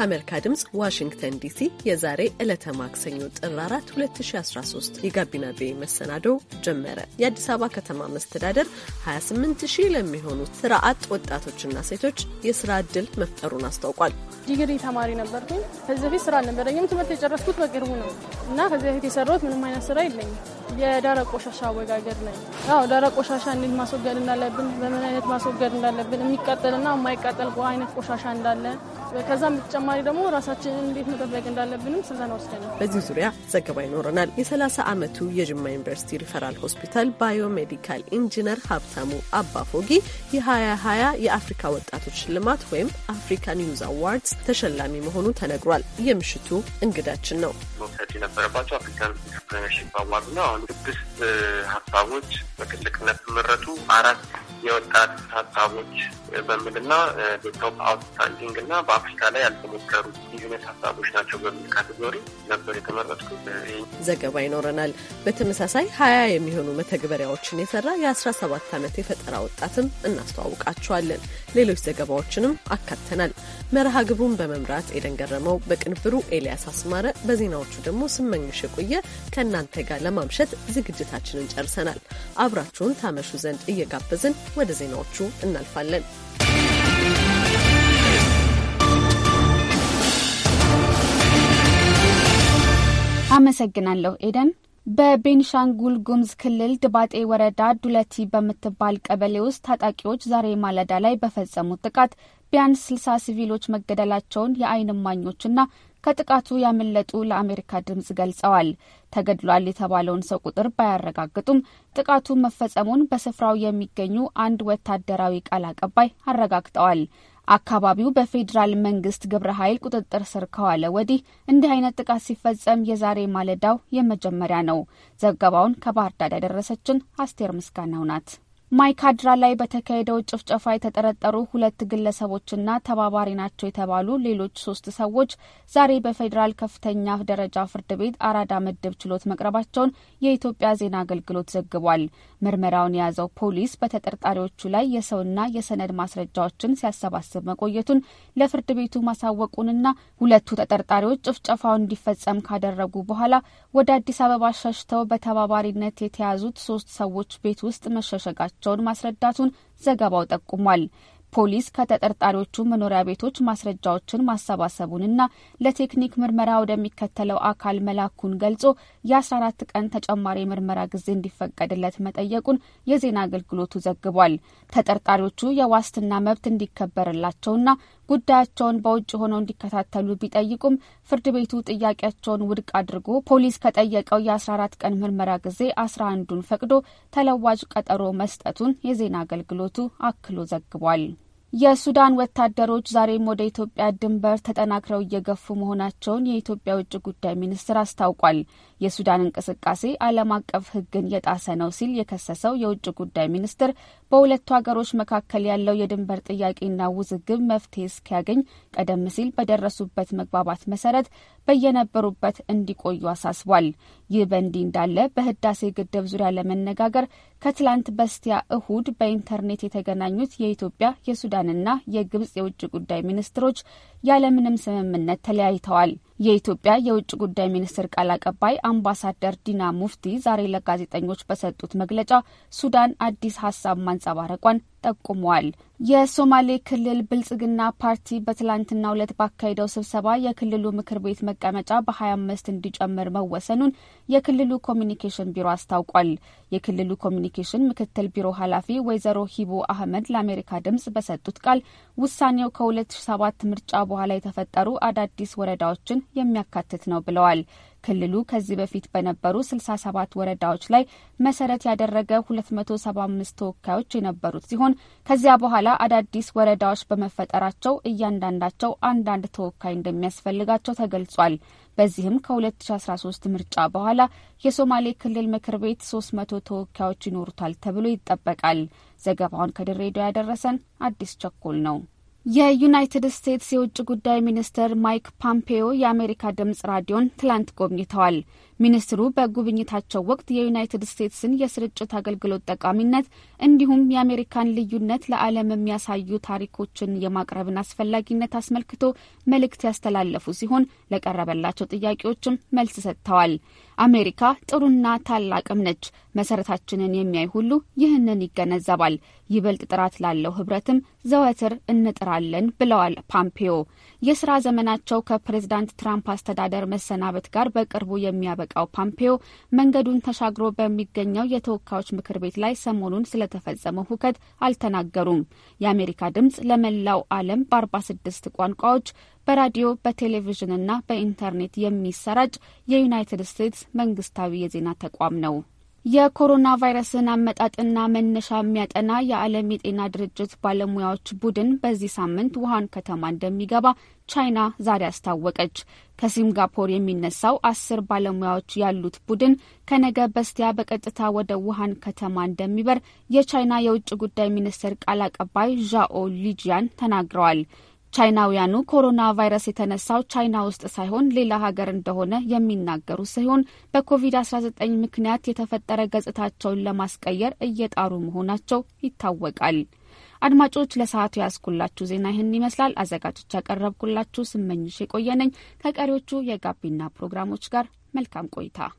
ከአሜሪካ ድምፅ ዋሽንግተን ዲሲ የዛሬ ዕለተ ማክሰኞ ጥር 4 2013 የጋቢና ቤ መሰናዶ ጀመረ። የአዲስ አበባ ከተማ መስተዳደር 28 ሺህ ለሚሆኑ ስራ አጥ ወጣቶችና ሴቶች የስራ እድል መፍጠሩን አስታውቋል። ዲግሪ ተማሪ ነበርኩኝ። ከዚህ በፊት ስራ አልነበረኝም። ትምህርት የጨረስኩት በቅርቡ ነው እና ከዚህ በፊት የሰራሁት ምንም አይነት ስራ የለኝም። የደረቅ ቆሻሻ አወጋገድ ነኝ። አዎ፣ ደረቅ ቆሻሻ እንዴት ማስወገድ እንዳለብን፣ በምን አይነት ማስወገድ እንዳለብን፣ የሚቃጠልና የማይቃጠል አይነት ቆሻሻ እንዳለ ከዛም በተጨማሪ ደግሞ ራሳችንን እንዴት መጠበቅ እንዳለብንም ስልጠና ወስደናል። በዚህ ዙሪያ ዘገባ ይኖረናል። የ30 ዓመቱ የጅማ ዩኒቨርሲቲ ሪፈራል ሆስፒታል ባዮሜዲካል ኢንጂነር ሀብታሙ አባፎጊ የ2020 የአፍሪካ ወጣቶች ሽልማት ወይም አፍሪካ ኒውዝ አዋርድስ ተሸላሚ መሆኑ ተነግሯል። የምሽቱ እንግዳችን ነው። መውሰድ የነበረባቸው አፍሪካን ፕሪሚየርሺፕ አዋርድ ነው። አሁን ስድስት ሀሳቦች በትልቅነት ተመረጡ። አራት የወጣት ሀሳቦች በሚልና ቶፕ አውትስታንዲንግ እና በአፍሪካ ላይ ያልተሞከሩ ቢዝነስ ሀሳቦች ናቸው በሚል ካቴጎሪ ነበር የተመረጥኩት። ዘገባ ይኖረናል። በተመሳሳይ ሀያ የሚሆኑ መተግበሪያዎችን የሰራ የአስራ ሰባት ዓመት የፈጠራ ወጣትም እናስተዋውቃቸዋለን። ሌሎች ዘገባዎችንም አካተናል። መርሃ ግቡን በመምራት ኤደን ገረመው፣ በቅንብሩ ኤልያስ አስማረ፣ በዜናዎቹ ደግሞ ስመኝሽ የቆየ ከእናንተ ጋር ለማምሸት ዝግጅታችንን ጨርሰናል። አብራችሁን ታመሹ ዘንድ እየጋበዝን ወደ ዜናዎቹ እናልፋለን። አመሰግናለሁ ኤደን። በቤንሻንጉል ጉምዝ ክልል ድባጤ ወረዳ ዱለቲ በምትባል ቀበሌ ውስጥ ታጣቂዎች ዛሬ ማለዳ ላይ በፈጸሙት ጥቃት ቢያንስ ስልሳ ሲቪሎች መገደላቸውን የአይን እማኞችና ከጥቃቱ ያመለጡ ለአሜሪካ ድምፅ ገልጸዋል። ተገድሏል የተባለውን ሰው ቁጥር ባያረጋግጡም ጥቃቱ መፈጸሙን በስፍራው የሚገኙ አንድ ወታደራዊ ቃል አቀባይ አረጋግጠዋል። አካባቢው በፌዴራል መንግስት ግብረ ኃይል ቁጥጥር ስር ከዋለ ወዲህ እንዲህ አይነት ጥቃት ሲፈጸም የዛሬ ማለዳው የመጀመሪያ ነው። ዘገባውን ከባህር ዳር ያደረሰችን አስቴር ምስጋናው ናት። ማይካድራ ላይ በተካሄደው ጭፍጨፋ የተጠረጠሩ ሁለት ግለሰቦችና ተባባሪ ናቸው የተባሉ ሌሎች ሶስት ሰዎች ዛሬ በፌዴራል ከፍተኛ ደረጃ ፍርድ ቤት አራዳ ምድብ ችሎት መቅረባቸውን የኢትዮጵያ ዜና አገልግሎት ዘግቧል። ምርመራውን የያዘው ፖሊስ በተጠርጣሪዎቹ ላይ የሰውና የሰነድ ማስረጃዎችን ሲያሰባስብ መቆየቱን ለፍርድ ቤቱ ማሳወቁንና ሁለቱ ተጠርጣሪዎች ጭፍጨፋው እንዲፈጸም ካደረጉ በኋላ ወደ አዲስ አበባ ሸሽተው በተባባሪነት የተያዙት ሶስት ሰዎች ቤት ውስጥ መሸሸጋቸው መሆናቸውን ማስረዳቱን ዘገባው ጠቁሟል። ፖሊስ ከተጠርጣሪዎቹ መኖሪያ ቤቶች ማስረጃዎችን ማሰባሰቡንና ለቴክኒክ ምርመራ ወደሚከተለው አካል መላኩን ገልጾ የ14 ቀን ተጨማሪ የምርመራ ጊዜ እንዲፈቀድለት መጠየቁን የዜና አገልግሎቱ ዘግቧል። ተጠርጣሪዎቹ የዋስትና መብት እንዲከበርላቸውና ጉዳያቸውን በውጭ ሆነው እንዲከታተሉ ቢጠይቁም ፍርድ ቤቱ ጥያቄያቸውን ውድቅ አድርጎ ፖሊስ ከጠየቀው የ14 ቀን ምርመራ ጊዜ 11ዱን ፈቅዶ ተለዋጭ ቀጠሮ መስጠቱን የዜና አገልግሎቱ አክሎ ዘግቧል። የሱዳን ወታደሮች ዛሬም ወደ ኢትዮጵያ ድንበር ተጠናክረው እየገፉ መሆናቸውን የኢትዮጵያ ውጭ ጉዳይ ሚኒስትር አስታውቋል። የሱዳን እንቅስቃሴ ዓለም አቀፍ ሕግን የጣሰ ነው ሲል የከሰሰው የውጭ ጉዳይ ሚኒስትር በሁለቱ ሀገሮች መካከል ያለው የድንበር ጥያቄና ውዝግብ መፍትሄ እስኪያገኝ ቀደም ሲል በደረሱበት መግባባት መሰረት በየነበሩበት እንዲቆዩ አሳስቧል። ይህ በእንዲህ እንዳለ በህዳሴ ግድብ ዙሪያ ለመነጋገር ከትላንት በስቲያ እሁድ በኢንተርኔት የተገናኙት የኢትዮጵያ የሱዳንና የግብጽ የውጭ ጉዳይ ሚኒስትሮች ያለምንም ስምምነት ተለያይተዋል። የኢትዮጵያ የውጭ ጉዳይ ሚኒስትር ቃል አቀባይ አምባሳደር ዲና ሙፍቲ ዛሬ ለጋዜጠኞች በሰጡት መግለጫ ሱዳን አዲስ ሀሳብ ማንጸባረቋን ጠቁመዋል። የሶማሌ ክልል ብልጽግና ፓርቲ በትላንትናው ዕለት ባካሄደው ስብሰባ የክልሉ ምክር ቤት መቀመጫ በ25 እንዲጨምር መወሰኑን የክልሉ ኮሚኒኬሽን ቢሮ አስታውቋል። የክልሉ ኮሚኒኬሽን ምክትል ቢሮ ኃላፊ ወይዘሮ ሂቡ አህመድ ለአሜሪካ ድምጽ በሰጡት ቃል ውሳኔው ከ2007 ምርጫ በኋላ የተፈጠሩ አዳዲስ ወረዳዎችን የሚያካትት ነው ብለዋል። ክልሉ ከዚህ በፊት በነበሩ 67 ወረዳዎች ላይ መሰረት ያደረገ 275 ተወካዮች የነበሩት ሲሆን ከዚያ በኋላ አዳዲስ ወረዳዎች በመፈጠራቸው እያንዳንዳቸው አንዳንድ ተወካይ እንደሚያስፈልጋቸው ተገልጿል። በዚህም ከ2013 ምርጫ በኋላ የሶማሌ ክልል ምክር ቤት 300 ተወካዮች ይኖሩታል ተብሎ ይጠበቃል። ዘገባውን ከድሬዳዋ ያደረሰን አዲስ ቸኮል ነው። የዩናይትድ ስቴትስ የውጭ ጉዳይ ሚኒስትር ማይክ ፖምፔዮ የአሜሪካ ድምጽ ራዲዮን ትላንት ጎብኝተዋል። ሚኒስትሩ በጉብኝታቸው ወቅት የዩናይትድ ስቴትስን የስርጭት አገልግሎት ጠቃሚነት እንዲሁም የአሜሪካን ልዩነት ለዓለም የሚያሳዩ ታሪኮችን የማቅረብን አስፈላጊነት አስመልክቶ መልእክት ያስተላለፉ ሲሆን ለቀረበላቸው ጥያቄዎችም መልስ ሰጥተዋል። አሜሪካ ጥሩና ታላቅም ነች። መሰረታችንን የሚያይ ሁሉ ይህንን ይገነዘባል። ይበልጥ ጥራት ላለው ህብረትም ዘወትር እንጥራለን ብለዋል ፓምፔዮ። የስራ ዘመናቸው ከፕሬዝዳንት ትራምፕ አስተዳደር መሰናበት ጋር በቅርቡ የሚያበቃው ፓምፔዮ መንገዱን ተሻግሮ በሚገኘው የተወካዮች ምክር ቤት ላይ ሰሞኑን ስለተፈጸመው ሁከት አልተናገሩም። የአሜሪካ ድምጽ ለመላው ዓለም በ46 ቋንቋዎች በራዲዮ በቴሌቪዥንና በኢንተርኔት የሚሰራጭ የዩናይትድ ስቴትስ መንግስታዊ የዜና ተቋም ነው። የኮሮና ቫይረስን አመጣጥና መነሻ የሚያጠና የዓለም የጤና ድርጅት ባለሙያዎች ቡድን በዚህ ሳምንት ውሃን ከተማ እንደሚገባ ቻይና ዛሬ አስታወቀች። ከሲንጋፖር የሚነሳው አስር ባለሙያዎች ያሉት ቡድን ከነገ በስቲያ በቀጥታ ወደ ውሃን ከተማ እንደሚበር የቻይና የውጭ ጉዳይ ሚኒስቴር ቃል አቀባይ ዣኦ ሊጂያን ተናግረዋል። ቻይናውያኑ ኮሮና ቫይረስ የተነሳው ቻይና ውስጥ ሳይሆን ሌላ ሀገር እንደሆነ የሚናገሩ ሲሆን በኮቪድ-19 ምክንያት የተፈጠረ ገጽታቸውን ለማስቀየር እየጣሩ መሆናቸው ይታወቃል። አድማጮች፣ ለሰዓቱ ያስኩላችሁ ዜና ይህን ይመስላል። አዘጋጆች ያቀረብኩላችሁ ስመኝሽ የቆየነኝ ከቀሪዎቹ የጋቢና ፕሮግራሞች ጋር መልካም ቆይታ።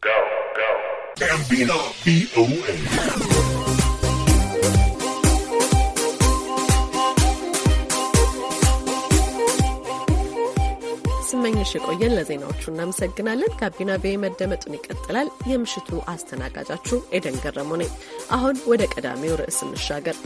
ስመኝሽ የቆየን ለዜናዎቹ እናመሰግናለን። ጋቢና ቤ መደመጡን ይቀጥላል። የምሽቱ አስተናጋጃችሁ ኤደን ገረሙ ነኝ። አሁን ወደ ቀዳሚው ርዕስ እንሻገር።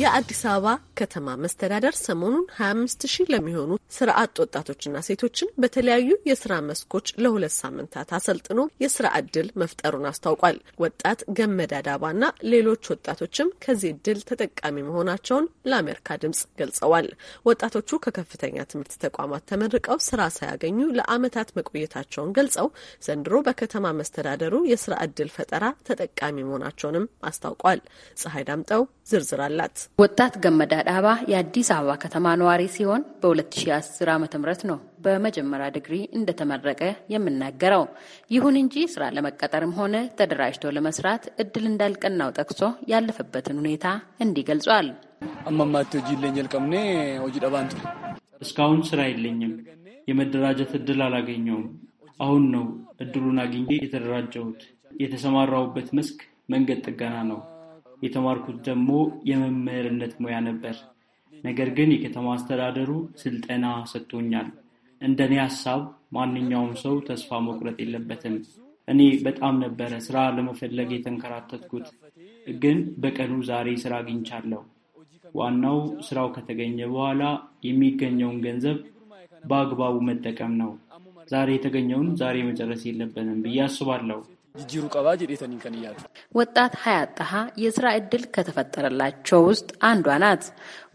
የአዲስ አበባ ከተማ መስተዳደር ሰሞኑን 25 ሺህ ለሚሆኑ ስራ አጥ ወጣቶችና ሴቶችን በተለያዩ የስራ መስኮች ለሁለት ሳምንታት አሰልጥኖ የስራ እድል መፍጠሩን አስታውቋል። ወጣት ገመዳ ዳባና ሌሎች ወጣቶችም ከዚህ እድል ተጠቃሚ መሆናቸውን ለአሜሪካ ድምጽ ገልጸዋል። ወጣቶቹ ከከፍተኛ ትምህርት ተቋማት ተመርቀው ስራ ሳያገኙ ለአመታት መቆየታቸውን ገልጸው ዘንድሮ በከተማ መስተዳደሩ የስራ እድል ፈጠራ ተጠቃሚ መሆናቸውንም አስታውቋል። ፀሐይ ዳምጠው ዝርዝር አላት። ወጣት ገመዳ ዳባ የአዲስ አበባ ከተማ ነዋሪ ሲሆን በ2010 ዓ ም ነው በመጀመሪያ ዲግሪ እንደተመረቀ የምናገረው። ይሁን እንጂ ስራ ለመቀጠርም ሆነ ተደራጅቶ ለመስራት እድል እንዳልቀናው ጠቅሶ ያለፈበትን ሁኔታ እንዲህ ገልጿል። አማማት ሆጂ ለኝ ልቀምኔ ሆጂ ደባንቱ እስካሁን ስራ የለኝም። የመደራጀት እድል አላገኘውም። አሁን ነው እድሉን አግኘ የተደራጀሁት። የተሰማራሁበት መስክ መንገድ ጥገና ነው። የተማርኩት ደግሞ የመምህርነት ሙያ ነበር። ነገር ግን የከተማ አስተዳደሩ ስልጠና ሰጥቶኛል። እንደኔ ሀሳብ ማንኛውም ሰው ተስፋ መቁረጥ የለበትም። እኔ በጣም ነበረ ስራ ለመፈለግ የተንከራተትኩት፣ ግን በቀኑ ዛሬ ስራ አግኝቻለሁ። ዋናው ስራው ከተገኘ በኋላ የሚገኘውን ገንዘብ በአግባቡ መጠቀም ነው። ዛሬ የተገኘውን ዛሬ መጨረስ የለብንም ብዬ አስባለሁ። ጅጅሩ ቀባ ጀዴተኒን ከን ወጣት ሀያት ጣሃ የስራ እድል ከተፈጠረላቸው ውስጥ አንዷ ናት።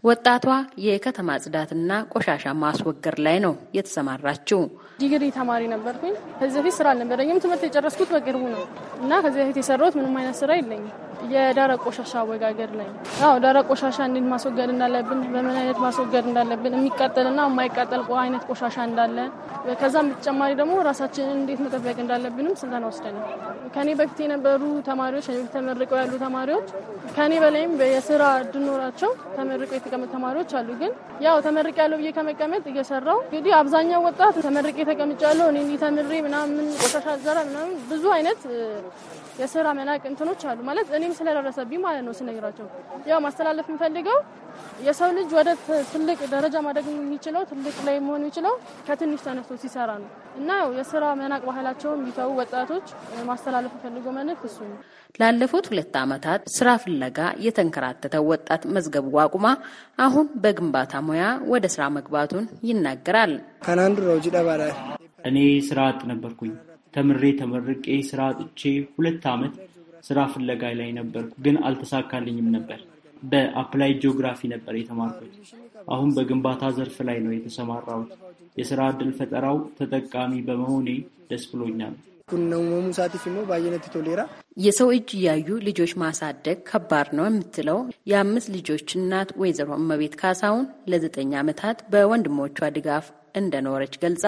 ወጣቷ የከተማ ጽዳትና ቆሻሻ ማስወገድ ላይ ነው የተሰማራችው። ዲግሪ ተማሪ ነበርኩኝ። ከዚህ በፊት ስራ አልነበረኝም። ትምህርት የጨረስኩት በቅርቡ ነው እና ከዚህ በፊት የሰራሁት ምንም አይነት ስራ የለኝም። የደረቅ ቆሻሻ አወጋገድ ላይ ነው። ደረቅ ቆሻሻ እንዴት ማስወገድ እንዳለብን፣ በምን አይነት ማስወገድ እንዳለብን፣ የሚቃጠልና የማይቃጠል አይነት ቆሻሻ እንዳለ፣ ከዛም በተጨማሪ ደግሞ ራሳችንን እንዴት መጠበቅ እንዳለብንም ስልጠና ወስደናል። ከኔ በፊት የነበሩ ተማሪዎች ተመርቀው ያሉ ተማሪዎች ከኔ በላይም የስራ እድል ተመርቀው የተቀመጡ ተማሪዎች አሉ። ግን ያው ተመርቅ ያለው ብዬ ከመቀመጥ እየሰራው እንግዲህ አብዛኛው ወጣት ተመርቄ ተቀምጫ ያለው እኔ እንዲህ ተምሬ ምናምን ቆሻሻ ዘራ ምናምን ብዙ አይነት የስራ መናቅ እንትኖች አሉ ማለት እኔም ስለደረሰብኝ ማለት ነው ስነግራቸው። ያው ማስተላለፍ የምፈልገው የሰው ልጅ ወደ ትልቅ ደረጃ ማደግ የሚችለው ትልቅ ላይ መሆን የሚችለው ከትንሽ ተነስቶ ሲሰራ ነው እና ያው የስራ መናቅ ባህላቸውን ቢተዉ ወጣቶች ማስተላለፍ የምፈልገው መልዕክት እሱ ነው። ላለፉት ሁለት ዓመታት ስራ ፍለጋ የተንከራተተው ወጣት መዝገቡ አቁማ አሁን በግንባታ ሙያ ወደ ስራ መግባቱን ይናገራል። ከናንዱ ረውጅ እኔ ስራ አጥ ነበርኩኝ ተምሬ ተመርቄ ስራ አጥቼ ሁለት ዓመት ስራ ፍለጋ ላይ ነበርኩ፣ ግን አልተሳካልኝም ነበር። በአፕላይ ጂኦግራፊ ነበር የተማርኩት። አሁን በግንባታ ዘርፍ ላይ ነው የተሰማራሁት። የስራ ዕድል ፈጠራው ተጠቃሚ በመሆኔ ደስ ብሎኛል። የሰው እጅ እያዩ ልጆች ማሳደግ ከባድ ነው የምትለው የአምስት ልጆች እናት ወይዘሮ እመቤት ካሳሁን ለዘጠኝ ዓመታት በወንድሞቿ ድጋፍ እንደኖረች ገልጻ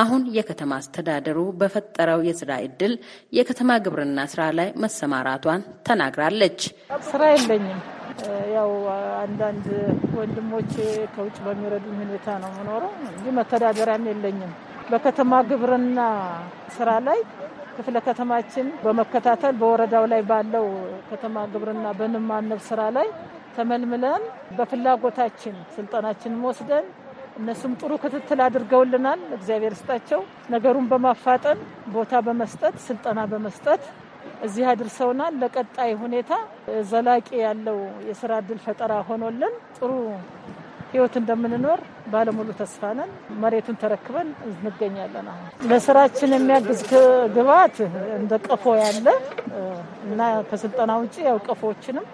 አሁን የከተማ አስተዳደሩ በፈጠረው የስራ እድል የከተማ ግብርና ስራ ላይ መሰማራቷን ተናግራለች። ስራ የለኝም። ያው አንዳንድ ወንድሞች ከውጭ በሚረዱኝ ሁኔታ ነው የምኖረው እንጂ መተዳደሪያም የለኝም። በከተማ ግብርና ስራ ላይ ክፍለ ከተማችን በመከታተል በወረዳው ላይ ባለው ከተማ ግብርና በንማነብ ስራ ላይ ተመልምለን በፍላጎታችን ስልጠናችንም ወስደን እነሱም ጥሩ ክትትል አድርገውልናል። እግዚአብሔር ስጣቸው። ነገሩን በማፋጠን ቦታ በመስጠት ስልጠና በመስጠት እዚህ አድርሰውናል። ለቀጣይ ሁኔታ ዘላቂ ያለው የስራ እድል ፈጠራ ሆኖልን ጥሩ ህይወት እንደምንኖር ባለሙሉ ተስፋ ነን። መሬቱን ተረክበን እንገኛለን። አሁን ለስራችን የሚያግዝ ግብአት እንደ ቀፎ ያለ እና ከስልጠና ውጭ ያው ቀፎዎችንም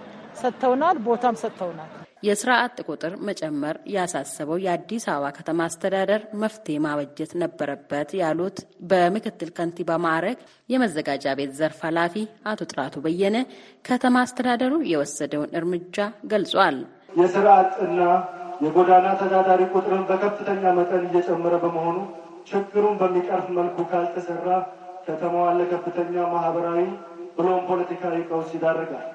ሰጥተውናል፣ ቦታም ሰጥተውናል። የስራ አጥ ቁጥር መጨመር ያሳሰበው የአዲስ አበባ ከተማ አስተዳደር መፍትሄ ማበጀት ነበረበት ያሉት በምክትል ከንቲባ ማዕረግ የመዘጋጃ ቤት ዘርፍ ኃላፊ አቶ ጥራቱ በየነ ከተማ አስተዳደሩ የወሰደውን እርምጃ ገልጿል። የስራ አጥና የጎዳና ተዳዳሪ ቁጥርን በከፍተኛ መጠን እየጨመረ በመሆኑ ችግሩን በሚቀርፍ መልኩ ካልተሰራ ከተማዋን ለከፍተኛ ማህበራዊ ብሎም ፖለቲካዊ ቀውስ ይዳርጋል።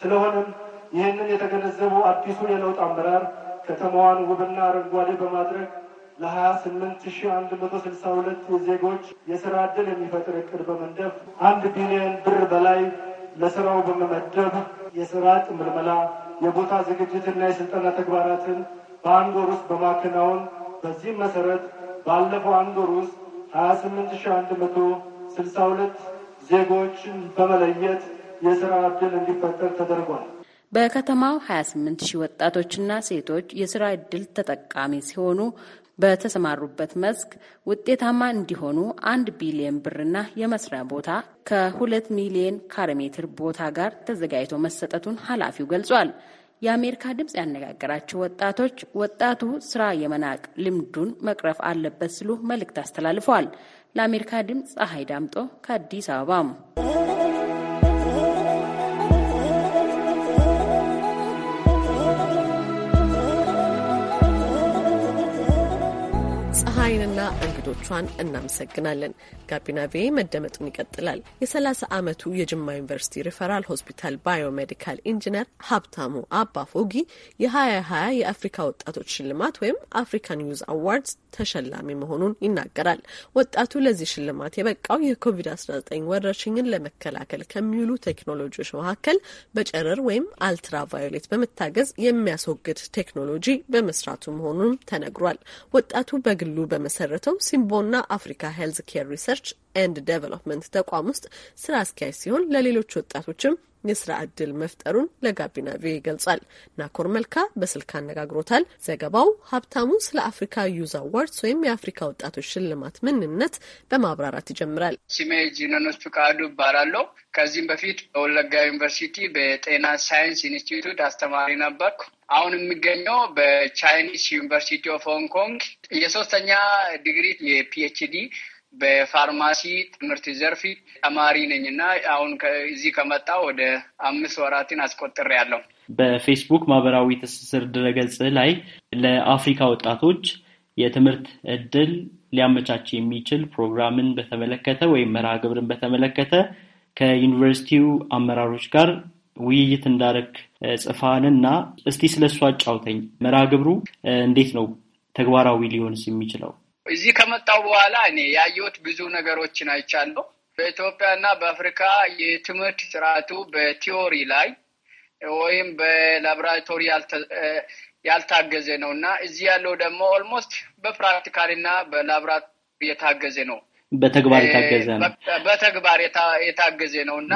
ስለሆነም ይህንን የተገነዘቡ አዲሱ የለውጥ አመራር ከተማዋን ውብና አረንጓዴ በማድረግ ለ28162 ዜጎች የስራ ዕድል የሚፈጥር እቅድ በመንደፍ አንድ ቢሊዮን ብር በላይ ለስራው በመመደብ የስራ አጥ ምልመላ፣ የቦታ ዝግጅትና የስልጠና ተግባራትን በአንድ ወር ውስጥ በማከናወን በዚህም መሰረት ባለፈው አንድ ወር ውስጥ 28162 ዜጎችን በመለየት የስራ ዕድል እንዲፈጠር ተደርጓል። በከተማው 28 ሺህ ወጣቶችና ሴቶች የስራ እድል ተጠቃሚ ሲሆኑ በተሰማሩበት መስክ ውጤታማ እንዲሆኑ አንድ ቢሊየን ብርና የመስሪያ ቦታ ከሁለት ሚሊየን ካሬ ሜትር ቦታ ጋር ተዘጋጅቶ መሰጠቱን ኃላፊው ገልጿል። የአሜሪካ ድምፅ ያነጋገራቸው ወጣቶች ወጣቱ ስራ የመናቅ ልምዱን መቅረፍ አለበት ሲሉ መልእክት አስተላልፈዋል። ለአሜሪካ ድምፅ ፀሐይ ዳምጦ ከአዲስ አበባ እንግዶቿን እናመሰግናለን። ጋቢና ቬ መደመጡን ይቀጥላል። የ30 ዓመቱ የጅማ ዩኒቨርሲቲ ሪፈራል ሆስፒታል ባዮሜዲካል ኢንጂነር ሀብታሙ አባ ፎጊ የ2020 የአፍሪካ ወጣቶች ሽልማት ወይም አፍሪካን ዩዝ አዋርድስ ተሸላሚ መሆኑን ይናገራል። ወጣቱ ለዚህ ሽልማት የበቃው የኮቪድ-19 ወረርሽኝን ለመከላከል ከሚውሉ ቴክኖሎጂዎች መካከል በጨረር ወይም አልትራቫዮሌት በመታገዝ የሚያስወግድ ቴክኖሎጂ በመስራቱ መሆኑን ተነግሯል። ወጣቱ በግሉ በመሰረ የመሰረተው ሲምቦና አፍሪካ ሄልዝ ኬር ሪሰርች ኤንድ ዴቨሎፕመንት ተቋም ውስጥ ስራ አስኪያጅ ሲሆን ለሌሎች ወጣቶችም የስራ እድል መፍጠሩን ለጋቢና ቪ ይገልጻል። ናኮር መልካ በስልክ አነጋግሮታል። ዘገባው ሀብታሙ ስለ አፍሪካ ዩዝ አዋርድስ ወይም የአፍሪካ ወጣቶች ሽልማት ምንነት በማብራራት ይጀምራል። ስሜ ጂነኖች ፍቃዱ እባላለሁ። ከዚህም በፊት በወለጋ ዩኒቨርሲቲ በጤና ሳይንስ ኢንስቲትዩት አስተማሪ ነበርኩ። አሁን የሚገኘው በቻይኒስ ዩኒቨርሲቲ ኦፍ ሆንግ ኮንግ የሶስተኛ ዲግሪ የፒኤችዲ በፋርማሲ ትምህርት ዘርፍ ተማሪ ነኝ እና አሁን እዚህ ከመጣ ወደ አምስት ወራትን አስቆጥሬ ያለው። በፌስቡክ ማህበራዊ ትስስር ድረገጽ ላይ ለአፍሪካ ወጣቶች የትምህርት እድል ሊያመቻች የሚችል ፕሮግራምን በተመለከተ ወይም መርሃ ግብርን በተመለከተ ከዩኒቨርሲቲው አመራሮች ጋር ውይይት እንዳረክ ጽፋን እና እስቲ ስለሱ አጫውተኝ። መርሃ ግብሩ እንዴት ነው ተግባራዊ ሊሆንስ የሚችለው? እዚህ ከመጣው በኋላ እኔ ያየሁት ብዙ ነገሮችን አይቻለሁ። በኢትዮጵያና በአፍሪካ የትምህርት ስርዓቱ በቲዎሪ ላይ ወይም በላቦራቶሪ ያልታገዘ ነው እና እዚህ ያለው ደግሞ ኦልሞስት በፕራክቲካል እና በላቦራቶሪ የታገዘ ነው፣ በተግባር የታገዘ ነው፣ በተግባር የታገዘ ነው እና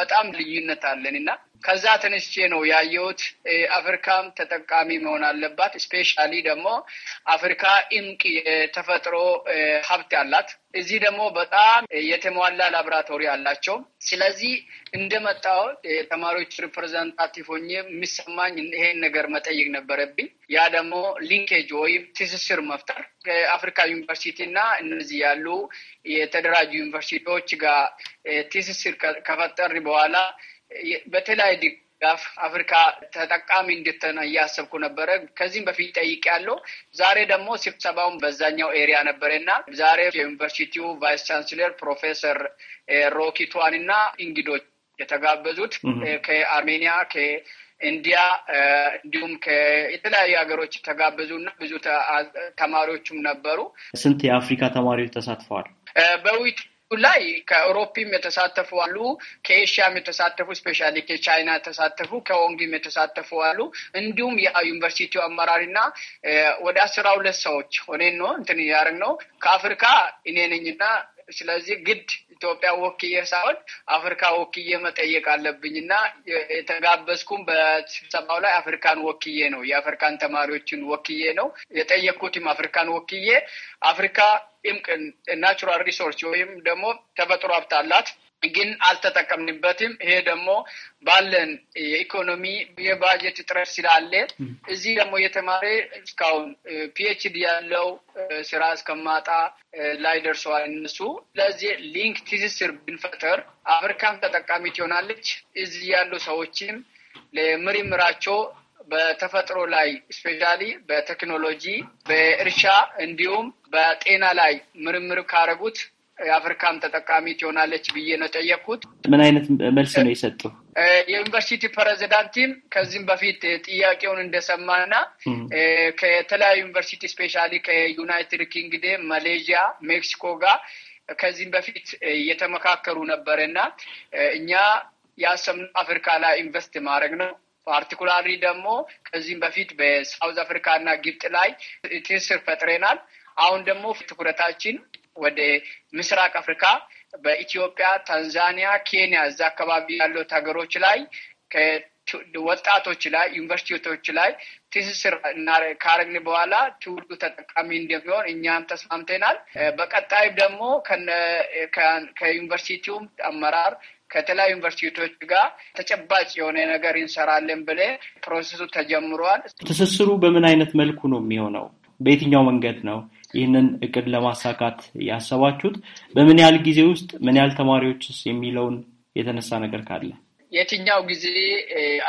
በጣም ልዩነት አለን እና ከዛ ተነስቼ ነው ያየሁት። አፍሪካም ተጠቃሚ መሆን አለባት። ስፔሻሊ ደግሞ አፍሪካ እምቅ የተፈጥሮ ሀብት ያላት እዚህ ደግሞ በጣም የተሟላ ላብራቶሪ አላቸው። ስለዚህ እንደመጣው የተማሪዎች ሪፕሬዘንታቲቭ ሆኜ የሚሰማኝ ይሄን ነገር መጠየቅ ነበረብኝ። ያ ደግሞ ሊንኬጅ ወይም ትስስር መፍጠር ከአፍሪካ ዩኒቨርሲቲ እና እነዚህ ያሉ የተደራጁ ዩኒቨርሲቲዎች ጋር ትስስር ከፈጠር በኋላ በተለያዩ ድጋፍ አፍሪካ ተጠቃሚ እንድትሆን እያሰብኩ ነበረ። ከዚህም በፊት ያለው ዛሬ ደግሞ ስብሰባውን በዛኛው ኤሪያ ነበረና ዛሬ የዩኒቨርሲቲው ቫይስ ቻንስለር ፕሮፌሰር ሮኪቷን እና እንግዶች የተጋበዙት ከአርሜኒያ ከኢንዲያ እንዲሁም የተለያዩ ሀገሮች እና ብዙ ተማሪዎችም ነበሩ። ስንት የአፍሪካ ተማሪዎች ተሳትፈዋል? በውይይቱ ላይ ከአውሮፒም የተሳተፉ አሉ፣ ከኤሽያም የተሳተፉ ስፔሻሊ ከቻይና የተሳተፉ ከወንግም የተሳተፉ አሉ። እንዲሁም የዩኒቨርሲቲው አመራሪና ወደ አስራ ሁለት ሰዎች ሆኔን ነው እንትን እያደረግን ነው ከአፍሪካ እኔ ነኝና ስለዚህ ግድ ኢትዮጵያ ወክዬ ሳይሆን አፍሪካ ወክዬ መጠየቅ አለብኝ እና የተጋበዝኩም በስብሰባው ላይ አፍሪካን ወክዬ ነው። የአፍሪካን ተማሪዎችን ወክዬ ነው የጠየቅኩትም አፍሪካን ወክዬ አፍሪካ በቂም ናቹራል ሪሶርስ ወይም ደግሞ ተፈጥሮ ሀብት አላት ግን አልተጠቀምንበትም። ይሄ ደግሞ ባለን የኢኮኖሚ የባጀት እጥረት ስላለ እዚህ ደግሞ የተማሪ እስካሁን ፒኤችዲ ያለው ስራ እስከማጣ ላይ ደርሰዋል እነሱ። ስለዚህ ሊንክ ትስስር ብንፈጠር አፍሪካም ተጠቃሚ ትሆናለች። እዚህ ያሉ ሰዎችም ለምርምራቸው በተፈጥሮ ላይ ስፔሻሊ በቴክኖሎጂ በእርሻ እንዲሁም በጤና ላይ ምርምር ካረጉት የአፍሪካም ተጠቃሚ ትሆናለች ብዬ ነው ጠየቅኩት። ምን አይነት መልስ ነው የሰጡ? የዩኒቨርሲቲ ፕሬዚዳንቲም ከዚህም በፊት ጥያቄውን እንደሰማና ከተለያዩ ዩኒቨርሲቲ ስፔሻሊ ከዩናይትድ ኪንግደም፣ ማሌዥያ፣ ሜክሲኮ ጋር ከዚህም በፊት እየተመካከሩ ነበር እኛ ያሰምነው አፍሪካ ላይ ኢንቨስት ማድረግ ነው ፓርቲኩላሪ ደግሞ ከዚህም በፊት በሳውዝ አፍሪካ እና ግብጥ ላይ ትስስር ፈጥረናል። አሁን ደግሞ ትኩረታችን ወደ ምስራቅ አፍሪካ በኢትዮጵያ፣ ታንዛኒያ፣ ኬንያ እዛ አካባቢ ያሉት ሀገሮች ላይ ወጣቶች ላይ ዩኒቨርሲቲዎች ላይ ትስስር ካረግን በኋላ ትውልዱ ተጠቃሚ እንደሚሆን እኛም ተስማምተናል። በቀጣይ ደግሞ ከዩኒቨርሲቲውም አመራር ከተለያዩ ዩኒቨርሲቲዎች ጋር ተጨባጭ የሆነ ነገር እንሰራለን ብለ ፕሮሰሱ ተጀምሯል። ትስስሩ በምን አይነት መልኩ ነው የሚሆነው? በየትኛው መንገድ ነው ይህንን እቅድ ለማሳካት ያሰባችሁት? በምን ያህል ጊዜ ውስጥ ምን ያህል ተማሪዎችስ የሚለውን የተነሳ ነገር ካለ የትኛው ጊዜ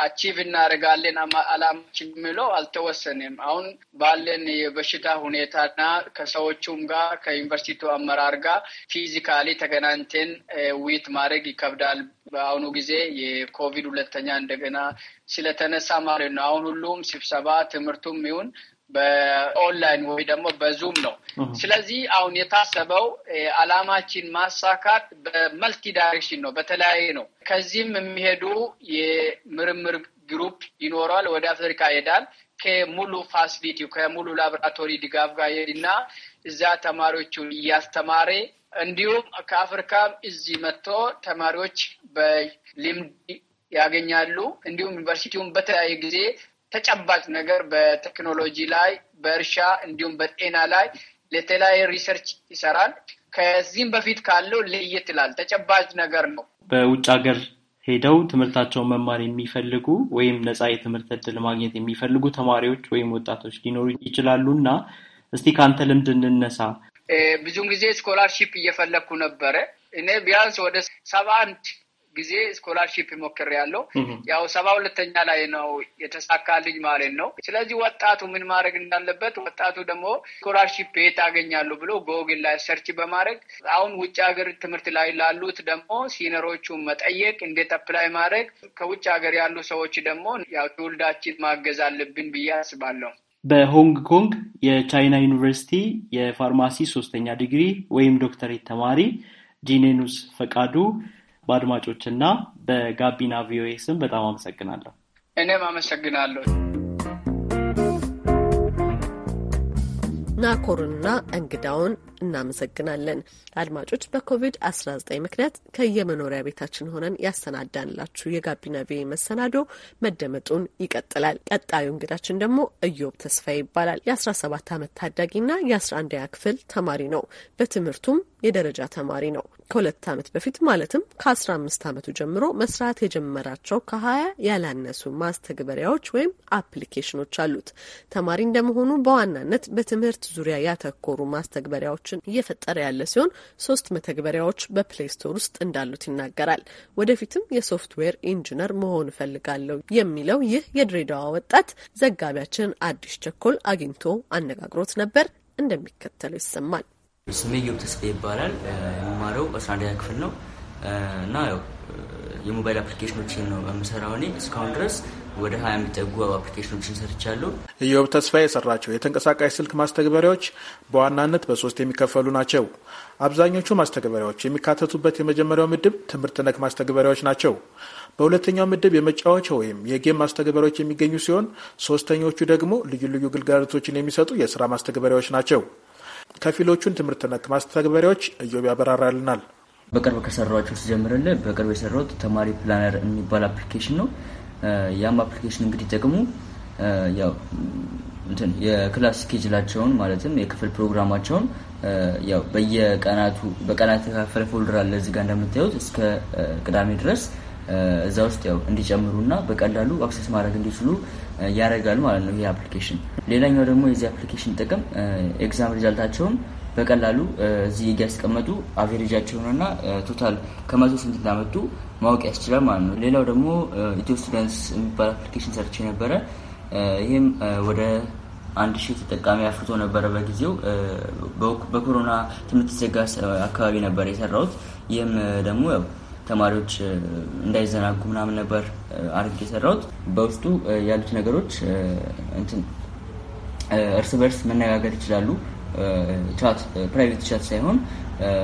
አቺቭ እናደርጋለን አላማችን የሚለው አልተወሰንም። አሁን ባለን የበሽታ ሁኔታና ከሰዎቹም ጋር ከዩኒቨርሲቲ አመራር ጋር ፊዚካሊ ተገናኝተን ውይይት ማድረግ ይከብዳል። በአሁኑ ጊዜ የኮቪድ ሁለተኛ እንደገና ስለተነሳ ማለት ነው። አሁን ሁሉም ስብሰባ ትምህርቱም ይሁን በኦንላይን ወይ ደግሞ በዙም ነው። ስለዚህ አሁን የታሰበው አላማችን ማሳካት በመልቲ ዳይሬክሽን ነው፣ በተለያየ ነው። ከዚህም የሚሄዱ የምርምር ግሩፕ ይኖረዋል፣ ወደ አፍሪካ ይሄዳል። ከሙሉ ፋሲሊቲ ከሙሉ ላቦራቶሪ ድጋፍ ጋር ይሄድና እዛ ተማሪዎቹን እያስተማረ እንዲሁም ከአፍሪካም እዚህ መጥቶ ተማሪዎች በልምድ ያገኛሉ። እንዲሁም ዩኒቨርሲቲውን በተለያየ ጊዜ ተጨባጭ ነገር በቴክኖሎጂ ላይ በእርሻ እንዲሁም በጤና ላይ ለተለያየ ሪሰርች ይሰራል። ከዚህም በፊት ካለው ለየት ይላል። ተጨባጭ ነገር ነው። በውጭ ሀገር ሄደው ትምህርታቸውን መማር የሚፈልጉ ወይም ነፃ የትምህርት እድል ማግኘት የሚፈልጉ ተማሪዎች ወይም ወጣቶች ሊኖሩ ይችላሉ እና እስቲ ከአንተ ልምድ እንነሳ። ብዙን ጊዜ ስኮላርሺፕ እየፈለግኩ ነበረ። እኔ ቢያንስ ወደ ሰባ አንድ ጊዜ ስኮላርሺፕ ሞክር ያለው ያው ሰባ ሁለተኛ ላይ ነው የተሳካልኝ ማለት ነው። ስለዚህ ወጣቱ ምን ማድረግ እንዳለበት ወጣቱ ደግሞ ስኮላርሺፕ የት አገኛሉ ብሎ ጎግል ላይ ሰርች በማድረግ አሁን ውጭ ሀገር ትምህርት ላይ ላሉት ደግሞ ሲነሮቹን መጠየቅ፣ እንዴት አፕላይ ማድረግ ከውጭ ሀገር ያሉ ሰዎች ደግሞ ያው ትውልዳችን ማገዝ አለብን ብዬ አስባለሁ። በሆንግ ኮንግ የቻይና ዩኒቨርሲቲ የፋርማሲ ሶስተኛ ዲግሪ ወይም ዶክተሬት ተማሪ ጂኔኑስ ፈቃዱ በአድማጮችና በጋቢና ቪኦኤ ስም በጣም አመሰግናለሁ። እኔም አመሰግናለሁ። ናኮርና እንግዳውን እናመሰግናለን። አድማጮች በኮቪድ-19 ምክንያት ከየመኖሪያ ቤታችን ሆነን ያሰናዳንላችሁ የጋቢና ቪኦኤ መሰናዶ መደመጡን ይቀጥላል። ቀጣዩ እንግዳችን ደግሞ እዮብ ተስፋ ይባላል። የ17 ዓመት ታዳጊና የ11ኛ ክፍል ተማሪ ነው። በትምህርቱም የደረጃ ተማሪ ነው። ከሁለት ዓመት በፊት ማለትም ከአስራ አምስት ዓመቱ ጀምሮ መስራት የጀመራቸው ከሀያ ያላነሱ ማስተግበሪያዎች ወይም አፕሊኬሽኖች አሉት። ተማሪ እንደመሆኑ በዋናነት በትምህርት ዙሪያ ያተኮሩ ማስተግበሪያዎችን እየፈጠረ ያለ ሲሆን ሶስት መተግበሪያዎች በፕሌይ ስቶር ውስጥ እንዳሉት ይናገራል። ወደፊትም የሶፍትዌር ኢንጂነር መሆን እፈልጋለሁ የሚለው ይህ የድሬዳዋ ወጣት ዘጋቢያችን አዲስ ቸኮል አግኝቶ አነጋግሮት ነበር። እንደሚከተለው ይሰማል። ስሜ ኢዮብ ተስፋ ይባላል። የምማረው አስራ አንደኛ ክፍል ነው እና ያው የሞባይል አፕሊኬሽኖችን ነው የምሰራው እኔ እስካሁን ድረስ ወደ ሀያ የሚጠጉ አፕሊኬሽኖችን ሰርቻለሁ። ኢዮብ ተስፋ የሰራቸው የተንቀሳቃሽ ስልክ ማስተግበሪያዎች በዋናነት በሶስት የሚከፈሉ ናቸው። አብዛኞቹ ማስተግበሪያዎች የሚካተቱበት የመጀመሪያው ምድብ ትምህርት ነክ ማስተግበሪያዎች ናቸው። በሁለተኛው ምድብ የመጫወቻ ወይም የጌም ማስተግበሪያዎች የሚገኙ ሲሆን ሶስተኞቹ ደግሞ ልዩ ልዩ ግልጋሎቶችን የሚሰጡ የስራ ማስተግበሪያዎች ናቸው። ከፊሎቹን ትምህርት ነክ ማስተግበሪያዎች እዮብ ያበራራልናል። በቅርብ ከሰራኋቸው ስጀምርልህ በቅርብ የሰራሁት ተማሪ ፕላነር የሚባል አፕሊኬሽን ነው። ያም አፕሊኬሽን እንግዲህ ጥቅሙ ያው የክላስ ስኬጅላቸውን ማለትም የክፍል ፕሮግራማቸውን ያው በየቀናቱ በቀናት የተካፈለ ፎልደር አለ እዚህ ጋር እንደምታዩት እስከ ቅዳሜ ድረስ እዛ ውስጥ ያው እንዲጨምሩና በቀላሉ አክሰስ ማድረግ እንዲችሉ ያደርጋል ማለት ነው ይህ አፕሊኬሽን። ሌላኛው ደግሞ የዚህ አፕሊኬሽን ጥቅም ኤግዛም ሪዛልታቸውን በቀላሉ እዚህ እያስቀመጡ አቬሬጃቸውንና ቶታል ከመቶ ስንት እንዳመጡ ማወቅ ያስችላል ማለት ነው። ሌላው ደግሞ ኢትዮ ስቱደንትስ የሚባል አፕሊኬሽን ሰርቼ ነበረ። ይህም ወደ አንድ ሺህ ተጠቃሚ አፍርቶ ነበረ በጊዜው በኮሮና ትምህርት ዘጋ አካባቢ ነበረ የሰራሁት። ይህም ደግሞ ተማሪዎች እንዳይዘናጉ ምናምን ነበር አድርግ የሰራሁት። በውስጡ ያሉት ነገሮች እርስ በርስ መነጋገር ይችላሉ። ቻት ፕራይቬት ቻት ሳይሆን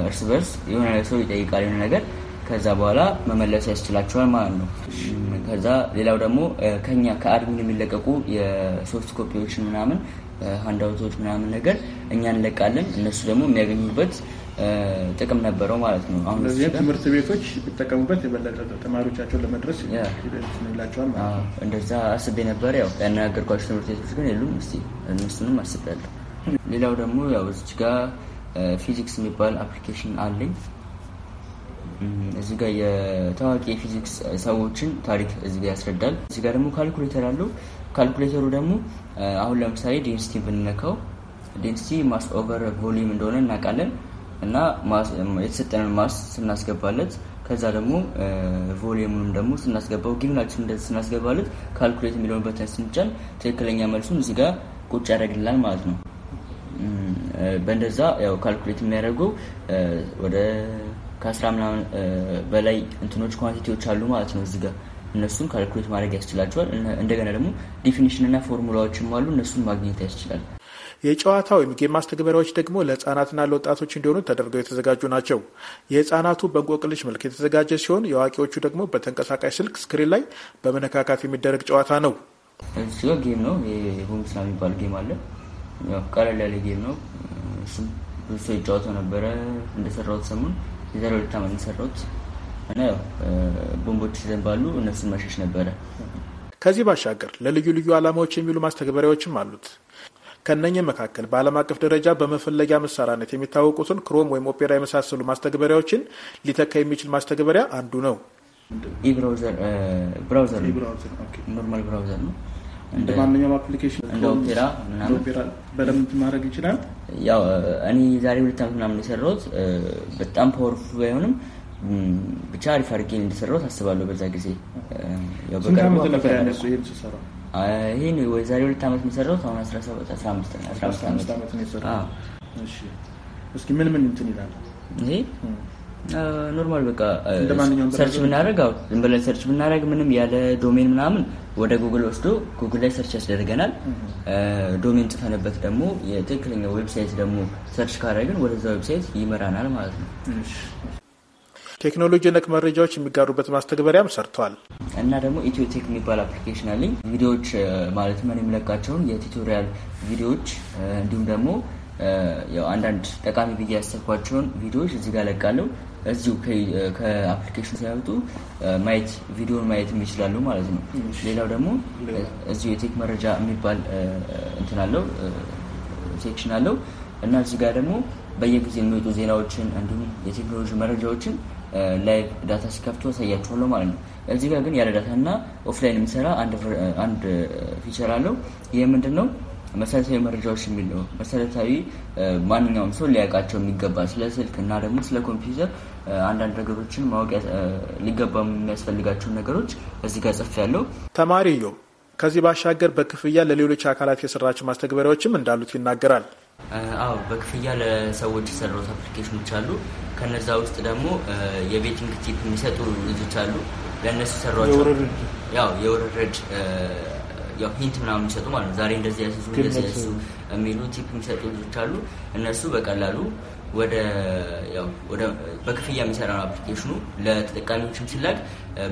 እርስ በርስ የሆነ ሰው ይጠይቃል የሆነ ነገር ከዛ በኋላ መመለስ ያስችላቸዋል ማለት ነው። ከዛ ሌላው ደግሞ ከኛ ከአድሚን የሚለቀቁ የሶፍት ኮፒዎችን ምናምን ሀንዳውቶች ምናምን ነገር እኛ እንለቃለን። እነሱ ደግሞ የሚያገኙበት ጥቅም ነበረው ማለት ነው። አሁን ትምህርት ቤቶች ቢጠቀሙበት የበለጠ ተማሪዎቻቸውን ለመድረስ ይላቸዋል። እንደዛ አስቤ ነበር። ያው ያነጋገርኳቸው ትምህርት ቤቶች ግን የሉም። እስኪ እነሱንም አስቤያለሁ። ሌላው ደግሞ ያው እዚች ጋር ፊዚክስ የሚባል አፕሊኬሽን አለኝ። እዚህ ጋር የታዋቂ የፊዚክስ ሰዎችን ታሪክ እዚህ ጋር ያስረዳል። እዚህ ጋር ደግሞ ካልኩሌተር አለው። ካልኩሌተሩ ደግሞ አሁን ለምሳሌ ዴንስቲ ብንነካው ዴንስቲ ማስ ኦቨር ቮሊዩም እንደሆነ እናውቃለን። እና የተሰጠንን ማስ ስናስገባለት ከዛ ደግሞ ቮሊሙንም ደግሞ ስናስገባው ጊምላችን እንደ ስናስገባለት ካልኩሌት የሚለውን በተን ስንጫን ትክክለኛ መልሱን እዚህ ጋር ቁጭ ያደርግልናል ማለት ነው። በእንደዛ ያው ካልኩሌት የሚያደርገው ወደ ከአስራ ምናምን በላይ እንትኖች ኳንቲቲዎች አሉ ማለት ነው እዚህ ጋር እነሱን ካልኩሌት ማድረግ ያስችላቸዋል። እንደገና ደግሞ ዲፊኒሽን እና ፎርሙላዎችም አሉ እነሱን ማግኘት ያስችላል። የጨዋታ ወይም ጌም ማስተግበሪያዎች ደግሞ ለህጻናትና ለወጣቶች እንዲሆኑ ተደርገው የተዘጋጁ ናቸው። የህጻናቱ በእንቆቅልሽ መልክ የተዘጋጀ ሲሆን የአዋቂዎቹ ደግሞ በተንቀሳቃሽ ስልክ ስክሪን ላይ በመነካካት የሚደረግ ጨዋታ ነው። እሱ ጌም ነው። የሆምሳ የሚባል ጌም አለ። ቀለል ያለ ጌም ነው። እሱም ብዙ ሰው ይጫወተው ነበረ። እንደሰራሁት ሰሞን የዛሬ ሁለት ዓመት እንደሰራሁት እና ቦምቦች ይዘንባሉ እነሱን መሸሽ ነበረ። ከዚህ ባሻገር ለልዩ ልዩ ዓላማዎች የሚሉ ማስተግበሪያዎችም አሉት። ከእነኚህ መካከል በዓለም አቀፍ ደረጃ በመፈለጊያ መሳሪያነት የሚታወቁትን ክሮም ወይም ኦፔራ የመሳሰሉ ማስተግበሪያዎችን ሊተካ የሚችል ማስተግበሪያ አንዱ ነው። ኖርማል ብራውዘር ነው። እንደ ማንኛውም አፕሊኬሽን እንደ ኦፔራ በደንብ ማድረግ ይችላል። ያው እኔ ዛሬ ሁለት ዓመት ምናምን የሰራሁት በጣም ፓወርፉል ባይሆንም ብቻ አሪፍ አድርጌ እንደሰራሁት አስባለሁ። በዛ ጊዜ ያው በቀርቡ ይህን የዛሬ ሁለት ዓመት የሚሰራሁት አሁን አስራ ሰባት አስራ አምስት ነው። አስራ አምስት ዓመት ነው የሰራሁት። እሺ እስኪ ምን ምን እንትን ይላል ይሄ ኖርማል በቃ ሰርች ብናደረግ አሁን ዝም ብለን ሰርች ብናደረግ ምንም ያለ ዶሜን ምናምን ወደ ጉግል ወስዶ ጉግል ላይ ሰርች ያስደርገናል። ዶሜን ጽፈንበት ደግሞ የትክክለኛ ዌብሳይት ደግሞ ሰርች ካደረግን ወደዛ ዌብሳይት ይመራናል ማለት ነው። ቴክኖሎጂ ነክ መረጃዎች የሚጋሩበት ማስተግበሪያም ሰርተዋል። እና ደግሞ ኢትዮቴክ የሚባል አፕሊኬሽን አለኝ። ቪዲዮዎች ማለት ምን የምለቃቸውን የቱቶሪያል ቪዲዮዎች እንዲሁም ደግሞ ያው አንዳንድ ጠቃሚ ብዬ ያሰብኳቸውን ቪዲዮዎች እዚህ ጋር ለቃለሁ። እዚሁ ከአፕሊኬሽን ሳይወጡ ማየት ቪዲዮን ማየት የሚችላሉ ማለት ነው። ሌላው ደግሞ እዚሁ የቴክ መረጃ የሚባል እንትን አለው ሴክሽን አለው እና እዚህ ጋር ደግሞ በየጊዜ የሚወጡ ዜናዎችን እንዲሁም የቴክኖሎጂ መረጃዎችን ላይቭ ዳታ ሲከፍቶ ያሳያችኋለሁ ማለት ነው። እዚህ ጋር ግን ያለ ኦፍላይን የሚሰራ አንድ ፊቸር አለው። ይህ ምንድን ነው? መሰረታዊ መረጃዎች የሚል ነው። መሰረታዊ ማንኛውም ሰው ሊያውቃቸው የሚገባ ስለ ስልክ እና ደግሞ ስለ ኮምፒውተር አንዳንድ ነገሮችን ማወቅ ሊገባ የሚያስፈልጋቸው ነገሮች እዚህ ጋር ጽፍ ያለው ተማሪ ዮም ከዚህ ባሻገር በክፍያ ለሌሎች አካላት የሰራቸው ማስተግበሪያዎችም እንዳሉት ይናገራል። አዎ በክፍያ ለሰዎች የሰሩት አፕሊኬሽኖች አሉ። ከነዛ ውስጥ ደግሞ የቤቲንግ ቲፕ የሚሰጡ ልጆች አሉ። ለእነሱ ሰሯቸው። የውርርድ ያው ሂንት ምናምን የሚሰጡ ማለት ነው። ዛሬ እንደዚህ ያሱ እንደዚህ ያሱ የሚሉ ቲፕ የሚሰጡ ልጆች አሉ። እነሱ በቀላሉ ወደ ያው ወደ በክፍያ የሚሰራው አፕሊኬሽኑ ለተጠቃሚዎችም ሲላክ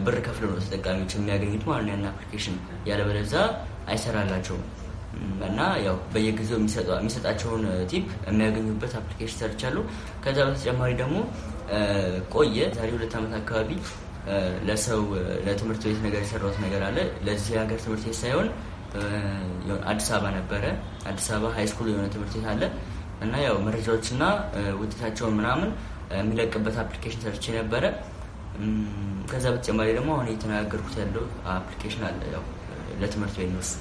ብር ከፍለው ነው ተጠቃሚዎች የሚያገኙት ማለት ነው። ያን አፕሊኬሽን ያለበለዛ አይሰራላቸውም እና ያው በየጊዜው የሚሰጣቸውን ቲፕ የሚያገኙበት አፕሊኬሽን ሰርቻለሁ። ከዛ በተጨማሪ ደግሞ ቆየ ዛሬ ሁለት ዓመት አካባቢ ለሰው ለትምህርት ቤት ነገር የሰራሁት ነገር አለ። ለዚህ ሀገር ትምህርት ቤት ሳይሆን አዲስ አበባ ነበረ። አዲስ አበባ ሃይስኩል የሆነ ትምህርት ቤት አለ እና ያው መረጃዎችና ውጤታቸውን ምናምን የሚለቅበት አፕሊኬሽን ሰርቼ ነበረ። ከዛ በተጨማሪ ደግሞ አሁን እየተነጋገርኩት ያለው አፕሊኬሽን አለ ያው ለትምህርት ቤት ነው እሱ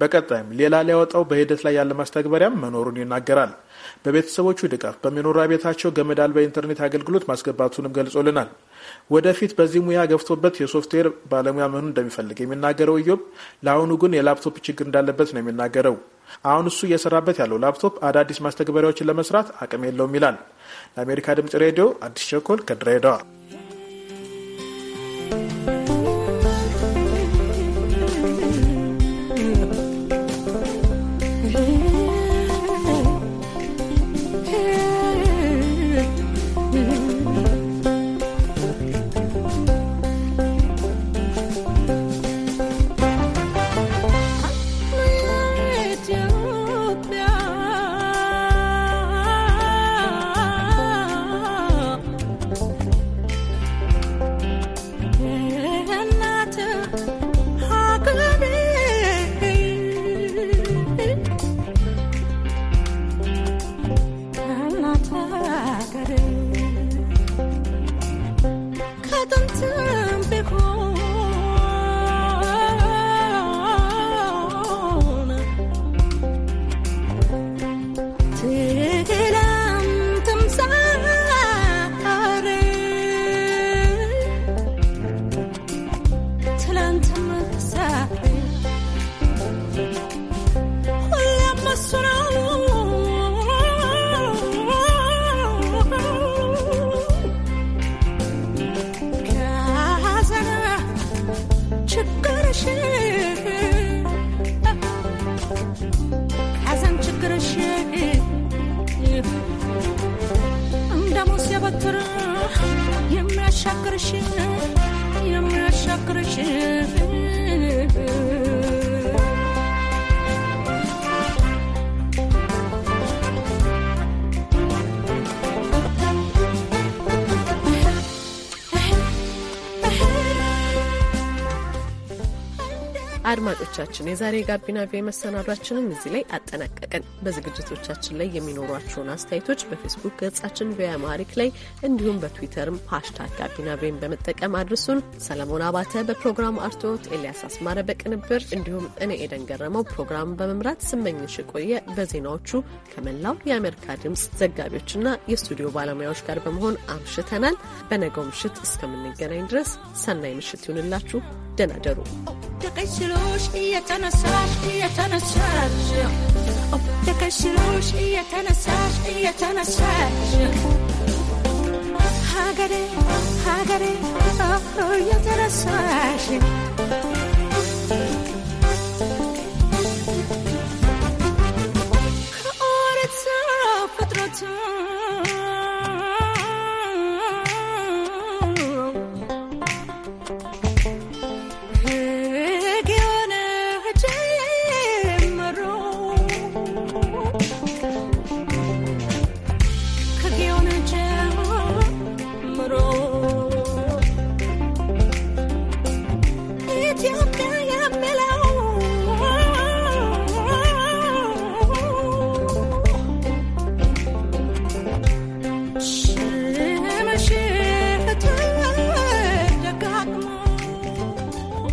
በቀጣይም ሌላ ሊያወጣው በሂደት ላይ ያለ ማስተግበሪያም መኖሩን ይናገራል። በቤተሰቦቹ ድጋፍ በመኖሪያ ቤታቸው ገመድ አልባ የኢንተርኔት አገልግሎት ማስገባቱንም ገልጾልናል። ወደፊት በዚህ ሙያ ገፍቶበት የሶፍትዌር ባለሙያ መሆኑ እንደሚፈልግ የሚናገረው እዮም ለአሁኑ ግን የላፕቶፕ ችግር እንዳለበት ነው የሚናገረው። አሁን እሱ እየሰራበት ያለው ላፕቶፕ አዳዲስ ማስተግበሪያዎችን ለመስራት አቅም የለውም ይላል። ለአሜሪካ ድምጽ ሬዲዮ አዲስ ቸኮል ከድሬዳዋ ቢወትር የሚያሻግርሽ የሚያሻግርሽ አድማጮቻችን የዛሬ ጋቢና ቪ መሰናዷችንን እዚህ ላይ አጠናቀቅን። በዝግጅቶቻችን ላይ የሚኖሯቸውን አስተያየቶች በፌስቡክ ገጻችን ቪያማሪክ ላይ እንዲሁም በትዊተርም ሀሽታግ ጋቢና ቪን በመጠቀም አድርሱን። ሰለሞን አባተ በፕሮግራሙ አርቶት ኤልያስ አስማረ በቅንብር እንዲሁም እኔ ኤደን ገረመው ፕሮግራሙ በመምራት ስመኝሽ የቆየ በዜናዎቹ ከመላው የአሜሪካ ድምፅ ዘጋቢዎችና የስቱዲዮ ባለሙያዎች ጋር በመሆን አምሽተናል። በነገው ምሽት እስከምንገናኝ ድረስ ሰናይ ምሽት ይሁንላችሁ። تناجروا تقشروش هي تنساش هي تنساش تقشروش هي تنساش هي تنساش هاجري هاجري يا تنساش فترة